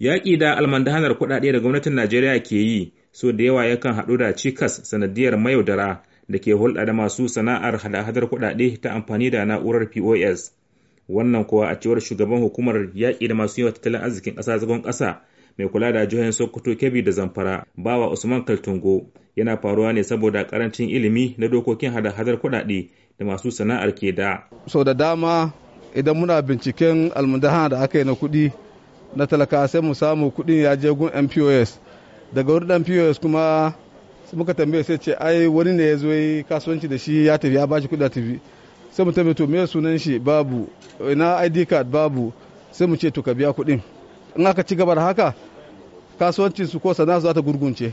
Yaƙi da almandahanar kuɗaɗe da gwamnatin Najeriya ke yi so da yawa yakan haɗu da cikas sanadiyar mayaudara da ke hulɗa da masu sana'ar hada-hadar kuɗaɗe ta amfani da na'urar POS. Wannan kuwa a cewar shugaban hukumar yaƙi da masu yawa tattalin arzikin ƙasa zagon ƙasa mai kula da jihohin Sokoto, Kebbi da Zamfara, Bawa Usman Kaltungo yana faruwa ne saboda karancin ilimi na dokokin hada-hadar kuɗaɗe da masu sana'ar ke da. sau da dama idan muna binciken almandahanar da aka yi na kuɗi na talaka sai mu samu kuɗin ya je gun mpos daga wurin mpos kuma muka tambaye sai ce ai wani ne ya zo yi kasuwanci da shi ya tafi ya bashi kuɗi tafi sai mu tambaye to me sunan shi babu ina id card babu sai mu ce to ka biya kuɗin in aka ci gaba da haka kasuwancin su ko sana'a za ta gurgunce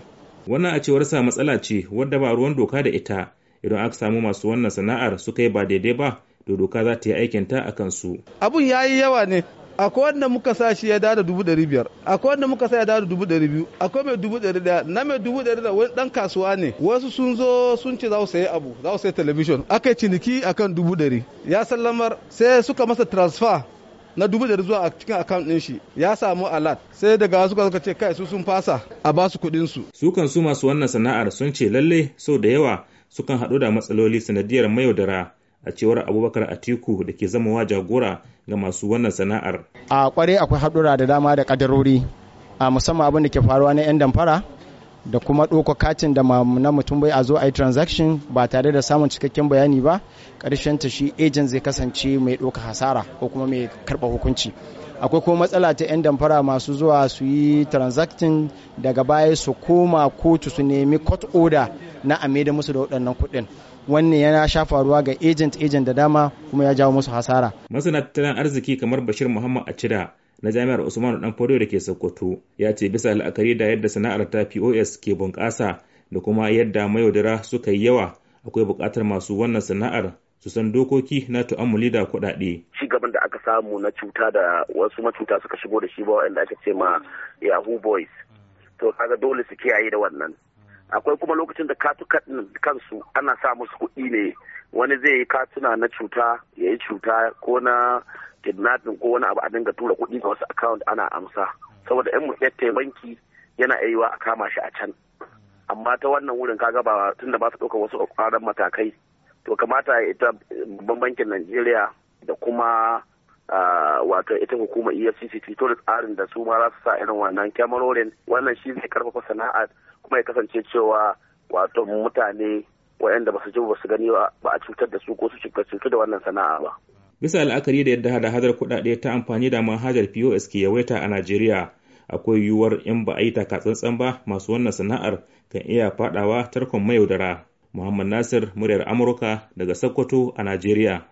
wannan a cewar sa matsala ce wadda ba ruwan doka da ita idan aka samu masu wannan sana'ar suka yi ba daidai ba to doka za ta yi aikinta a kansu abun ya yi yawa ne akwai wanda muka sa shi ya dada dubu ɗari biyar akwai wanda muka sa ya dada dubu ɗari biyu akwai mai dubu ɗari ɗaya na mai dubu ɗari da wani ɗan kasuwa ne wasu sun zo sun ce za su sayi abu za su sayi talabijin aka yi ciniki akan dubu ɗari ya sallamar sai suka masa transfer na dubu ɗari zuwa a cikin account ɗin shi ya samu alat sai daga wasu suka ce kai su sun fasa a ba su kuɗin su su kan su masu wannan sana'ar sun ce lalle sau da yawa sukan haɗu da matsaloli sanadiyar mayaudara a cewar abubakar atiku da ke zamawa jagora ga masu wannan sana'ar a kwarai akwai haɗura da dama da kadarori a musamman abin da ke faruwa na 'yan damfara da kuma ɗoko katin da na mutum bai a zo a yi transaction ba tare da samun cikakken bayani ba ƙarshen ta shi agent zai kasance mai ɗauka hasara ko kuma mai karɓa hukunci akwai kuma matsala ta 'yan damfara masu zuwa su yi transaction daga baya su koma kotu su nemi court order na a maida musu da waɗannan kuɗin wannan yana sha faruwa ga agent agent da dama kuma ya jawo musu hasara masana tattalin arziki kamar bashir muhammad cida na jami'ar usman dan fodo da ke sokoto ya ce bisa la'akari da yadda sana'ar ta pos ke bunƙasa da kuma yadda mayaudara suka yi yawa akwai buƙatar masu wannan sana'ar su san dokoki na tu'ammuli da kuɗaɗe. Ci gaban da aka samu na cuta da wasu macuta suka shigo da shi ba wa'anda aka ce ma Yahoo Boys. To kaga dole su kiyaye da wannan. akwai kuma lokacin da katuka kansu ana sa musu kuɗi ne wani zai yi katuna na cuta ya yi cuta ko na kidnapping ko wani abu a dinga tura kuɗi ga wasu account ana amsa saboda yan mutsattai banki yana yiwa a kama shi a can amma ta wannan wurin kaga ba da ba su ɗaukar wasu ƙwaran matakai to kamata ita babban bankin najeriya da kuma wato ita hukumar efcc fito da tsarin da su ma za su sa irin wannan kyamarorin wannan shi zai karfafa sana'a kuma ya kasance cewa wato mutane waɗanda ba su ji ba su gani ba a cutar da su ko su cutar da wannan sana'a ba. Bisa la'akari da yadda hada-hadar kuɗaɗe ta amfani da manhajar POS ke yawaita a Najeriya, akwai yiwuwar in ba a yi takatsantsan ba masu wannan sana'ar kan iya fadawa tarkon mayaudara. Muhammad Nasir, muryar Amurka daga Sokoto a Najeriya.